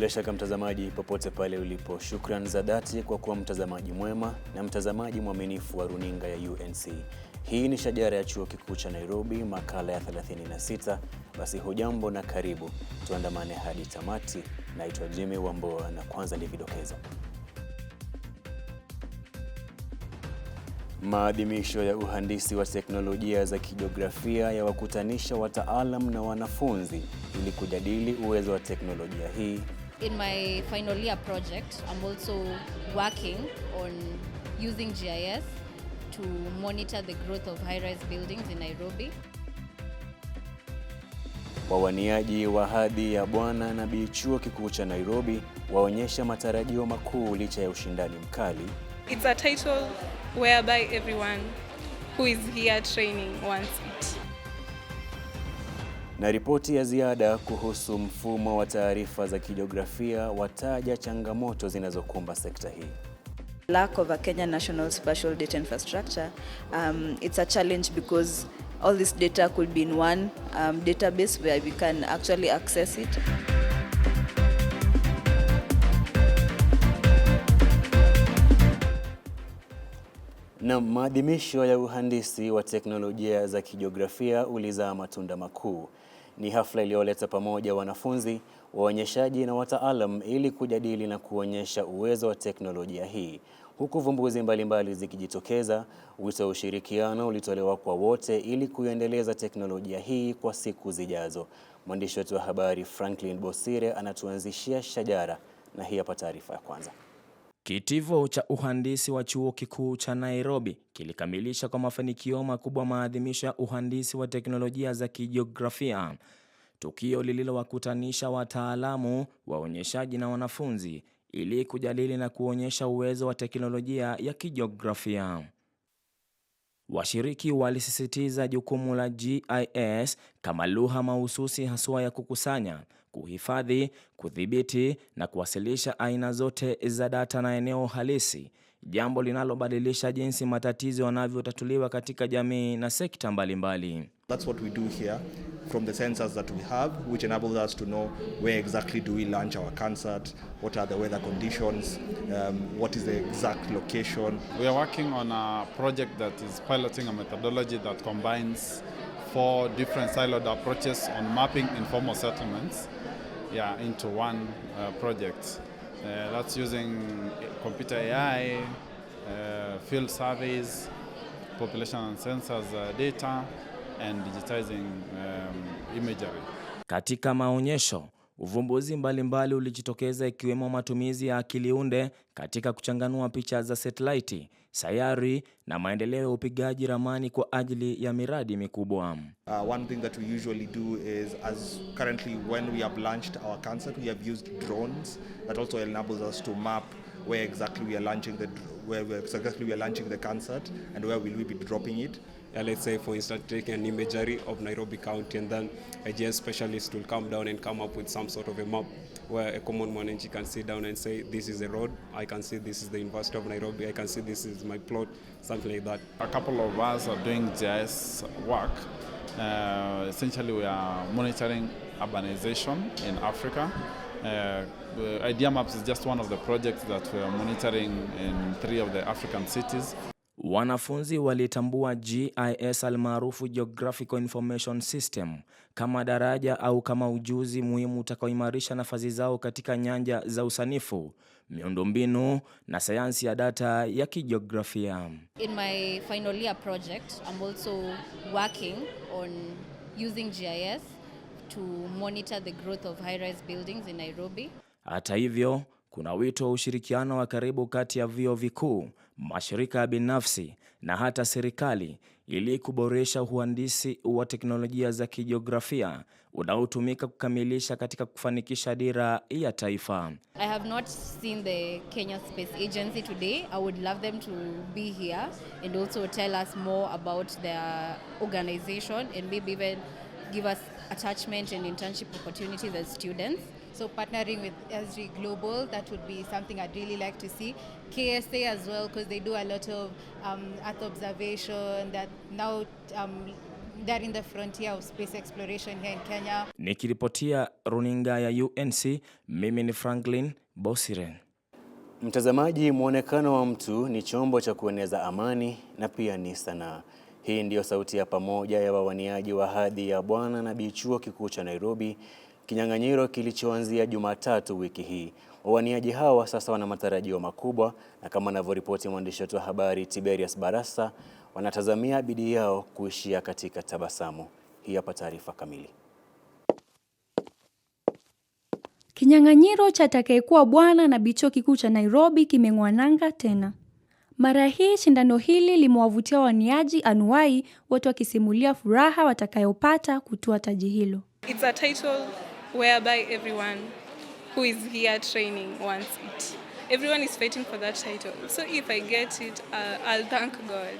Bila shaka mtazamaji, popote pale ulipo, shukran za dhati kwa kuwa mtazamaji mwema na mtazamaji mwaminifu wa runinga ya UNC. Hii ni Shajara ya Chuo Kikuu cha Nairobi, makala ya 36. Basi hujambo na karibu, tuandamane hadi tamati. Naitwa Jimmy Wamboa na kwanza ni vidokezo. Maadhimisho ya uhandisi wa teknolojia za kijiografia yawakutanisha wataalam na wanafunzi ili kujadili uwezo wa teknolojia hii in my final year project, I'm also working on using GIS to monitor the growth of high-rise buildings in Nairobi. Wawaniaji wa hadhi ya bwana na bi chuo kikuu cha Nairobi waonyesha matarajio makuu licha ya ushindani mkali. It's a title whereby everyone who is here training wants it na ripoti ya ziada kuhusu mfumo wa taarifa za kijiografia wataja changamoto zinazokumba sekta hii. Lack of a Kenya national spatial data infrastructure, um, it's a challenge because all this data could be in one um, database where we can actually access it. Na maadhimisho ya uhandisi wa teknolojia za kijiografia ulizaa matunda makuu. Ni hafla iliyoleta pamoja wanafunzi, waonyeshaji na wataalam ili kujadili na kuonyesha uwezo wa teknolojia hii, huku vumbuzi mbalimbali zikijitokeza. Wito wa ushirikiano ulitolewa kwa wote ili kuendeleza teknolojia hii kwa siku zijazo. Mwandishi wetu wa habari Franklin Bosire anatuanzishia shajara, na hii hapa taarifa ya kwanza. Kitivo cha uhandisi wa chuo kikuu cha Nairobi kilikamilisha kwa mafanikio makubwa maadhimisho ya uhandisi wa teknolojia za kijiografia tukio lililowakutanisha wataalamu, waonyeshaji na wanafunzi ili kujadili na kuonyesha uwezo wa teknolojia ya kijiografia. Washiriki walisisitiza jukumu la GIS kama lugha mahususi haswa ya kukusanya, kuhifadhi, kudhibiti na kuwasilisha aina zote za data na eneo halisi, jambo linalobadilisha jinsi matatizo yanavyotatuliwa katika jamii na sekta mbalimbali. That's what we do here from the sensors that we have, which enables us to know where exactly do we launch our concert, what are the weather conditions, um, what is the exact location. We are working on a project that is piloting a methodology that combines four different siloed approaches on mapping informal settlements yeah, into one uh, project. Uh, that's using computer AI, uh, field surveys, population and census uh, data, and digitizing um, imagery. Katika maonyesho uvumbuzi mbalimbali ulijitokeza ikiwemo matumizi ya akili unde katika kuchanganua picha za satellite, sayari na maendeleo ya upigaji ramani kwa ajili ya miradi mikubwa. Uh, one thing that we usually do is as currently when we have launched our concept we have used drones that also enables us to map where exactly we are launching the where we are exactly we are launching the concert and where will we be dropping it. uh, let's say for instance taking an imagery of Nairobi County and then a GIS specialist will come down and come up with some sort of a map where a common manager can sit down and say this is the road, I can see this is the University of Nairobi, I can see this is my plot, something like that. A couple of us are doing GIS work. Uh, essentially we are monitoring urbanization in Africa. Uh, idea maps is just one of the projects that we are monitoring in three of the African cities. Wanafunzi walitambua GIS almaarufu Geographical Information System kama daraja au kama ujuzi muhimu utakaoimarisha nafasi zao katika nyanja za usanifu, miundombinu na sayansi ya data ya kijiografia. In my final year project, I'm also working on using GIS to monitor the growth of high-rise buildings in Nairobi. Hata hivyo kuna wito wa ushirikiano wa karibu kati ya vyuo vikuu, mashirika ya binafsi na hata serikali ili kuboresha uhandisi wa teknolojia za kijiografia unaotumika kukamilisha katika kufanikisha dira ya taifa. I have not seen the Kenya Space Agency today. I would love them to be here and also tell us more about their organization and maybe even give us attachment and internship opportunities as students. So partnering with SG Global, that would be something I'd really like to see. KSA as well, because they do a lot of um, Earth observation that now um, they're in the frontier of space exploration here in Kenya. Nikiripotia runinga ya UNC, mimi ni Franklin Bosiren. Mtazamaji, mwonekano wa mtu ni chombo cha kueneza amani na pia ni sanaa. Hii ndiyo sauti ya pamoja ya wawaniaji wa hadhi ya Bwana na Chuo Kikuu cha Nairobi, kinyang'anyiro kilichoanzia Jumatatu wiki hii. Wawaniaji hawa sasa wana matarajio makubwa, na kama anavyoripoti mwandishi wetu wa habari Tiberius Barasa, wanatazamia bidii yao kuishia katika tabasamu. Hii hapa taarifa kamili. Kinyang'anyiro cha atakayekuwa bwana na Chuo Kikuu cha Nairobi kimeng'wananga tena. Mara hii shindano hili limewavutia waniaji anuwai, watu wakisimulia furaha watakayopata kutua taji hilo. It's a title whereby everyone who is here training wants it. Everyone is fighting for that title. So if I get it, uh, I'll thank God.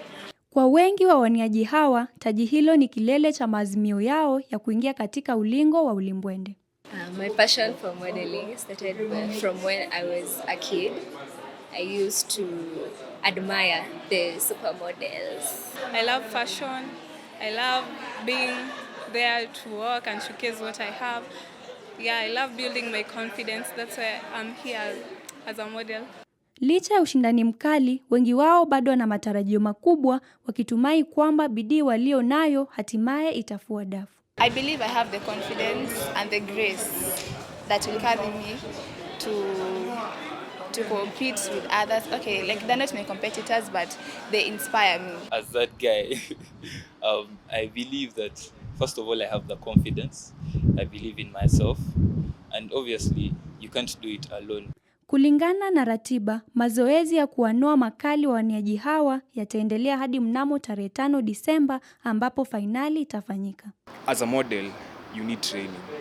Kwa wengi wa waniaji hawa, taji hilo ni kilele cha maazimio yao ya kuingia katika ulingo wa ulimbwende. Uh, my passion for modeling started from when I was a kid. I used to admire the supermodels. I love fashion. I love being there to work and showcase what I have. Yeah, I love building my confidence. That's why I'm here as a model. Licha ya ushindani mkali, wengi wao bado wana matarajio makubwa wakitumai kwamba bidii walio nayo hatimaye itafua dafu. I believe I have the confidence and the grace that will carry me to to compete with others. Okay, like they're not my competitors, but they inspire me. As that guy, um, I believe that first of all, I have the confidence. I believe in myself. And obviously, you can't do it alone. Kulingana na ratiba, mazoezi ya kuwanoa makali wa waniaji hawa yataendelea hadi mnamo tarehe 5 Disemba ambapo fainali itafanyika. As a model, you need training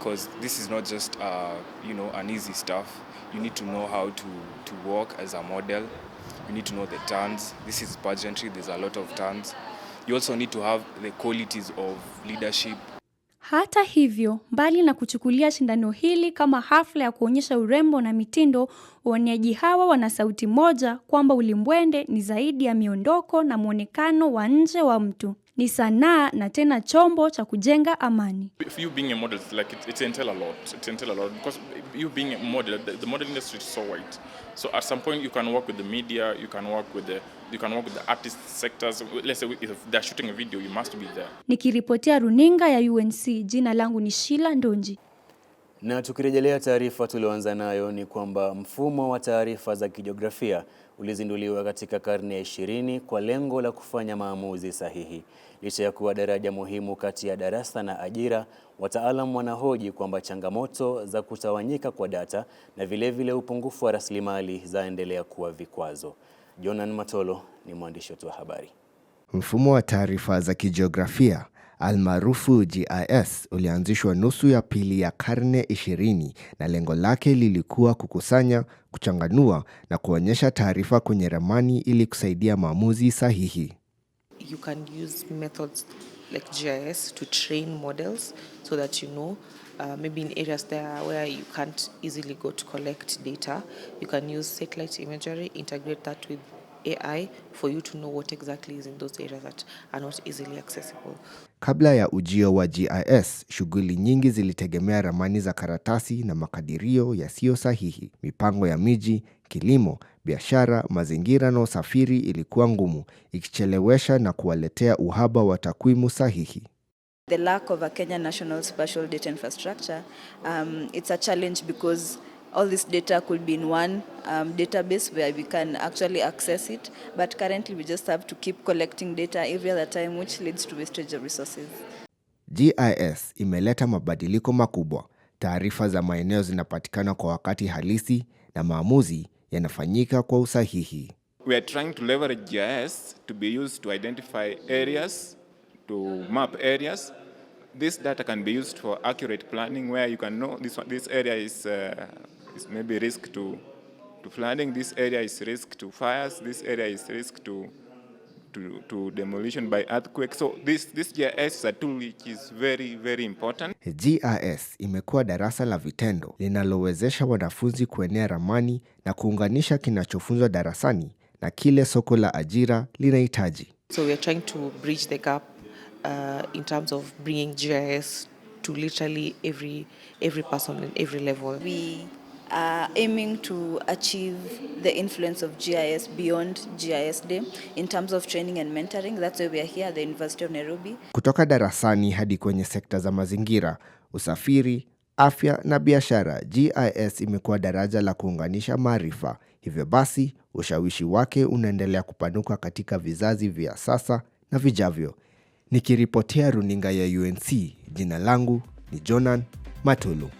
because this is not just uh, you know an easy stuff. You need to know how to to walk as a model. You need to know the turns. This is pageantry. There's a lot of turns. You also need to have the qualities of leadership. Hata hivyo, mbali na kuchukulia shindano hili kama hafla ya kuonyesha urembo na mitindo, waoneaji hawa wana sauti moja kwamba ulimbwende ni zaidi ya miondoko na mwonekano wa nje wa mtu ni sanaa na tena chombo cha kujenga amani. So at some point you can work with the media, you can work with the you can work with the artist sectors. Let's say if they're shooting a video, you must be there. Nikiripotia runinga ya UNC, jina langu ni Shila Ndonji. Na tukirejelea taarifa tulioanza nayo ni kwamba mfumo wa taarifa za kijiografia ulizinduliwa katika karne ya ishirini kwa lengo la kufanya maamuzi sahihi. Licha ya kuwa daraja muhimu kati ya darasa na ajira, wataalamu wanahoji kwamba changamoto za kutawanyika kwa data na vilevile vile upungufu wa rasilimali zaendelea kuwa vikwazo. Jonan Matolo ni mwandishi wetu wa habari. Mfumo wa taarifa za kijiografia almaarufu GIS ulianzishwa nusu ya pili ya karne 20 na lengo lake lilikuwa kukusanya, kuchanganua na kuonyesha taarifa kwenye ramani ili kusaidia maamuzi sahihi. You can use methods like GIS to train models so that you know uh, maybe in areas there where you can't easily go to collect data, you can use satellite imagery, integrate that with AI for you to know what exactly is in those areas that are not easily accessible. Kabla ya ujio wa GIS, shughuli nyingi zilitegemea ramani za karatasi na makadirio yasiyo sahihi. Mipango ya miji, kilimo, biashara, mazingira na usafiri ilikuwa ngumu, ikichelewesha na kuwaletea uhaba wa takwimu sahihi. The lack of a Kenya national spatial data infrastructure, um, it's a challenge because all this data could be in one um, database where we can actually access it but currently we just have to keep collecting data every other time which leads to wastage of resources. GIS imeleta mabadiliko makubwa. Taarifa za maeneo zinapatikana kwa wakati halisi na maamuzi yanafanyika kwa usahihi. We are trying to leverage GIS to be used to identify areas, to map areas. This data can be used for accurate planning where you can know this, this area is uh, is maybe risk to, to flooding. This area is risk to fires. This area is risk to, to, to demolition by earthquake. So this, this GIS is a tool which is very, very important. GIS imekuwa darasa la vitendo linalowezesha wanafunzi kuenea ramani na kuunganisha kinachofunzwa darasani na kile soko la ajira linahitaji. So we are trying to bridge the gap uh, in terms of bringing GIS to literally every every person and every level. We uh, aiming to achieve the influence of GIS beyond GIS Day in terms of training and mentoring. That's why we are here at the University of Nairobi. Kutoka darasani hadi kwenye sekta za mazingira, usafiri, afya na biashara, GIS imekuwa daraja la kuunganisha maarifa. Hivyo basi, ushawishi wake unaendelea kupanuka katika vizazi vya sasa na vijavyo. Nikiripotea runinga ya UNC, jina langu ni Jonan Matulu.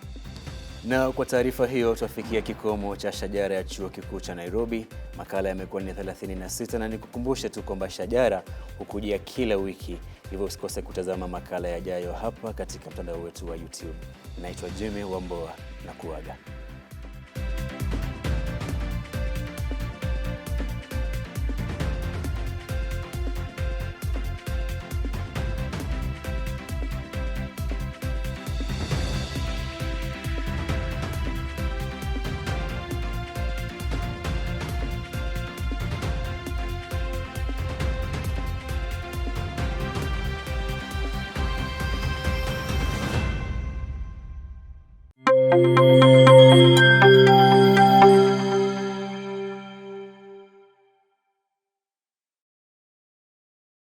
Na kwa taarifa hiyo twafikia kikomo cha Shajara ya Chuo Kikuu cha Nairobi. Makala yamekuwa ni 36 na nikukumbushe tu kwamba Shajara hukujia kila wiki, hivyo usikose kutazama makala yajayo hapa katika mtandao wetu wa YouTube. Naitwa Jimmy Wamboa na kuaga.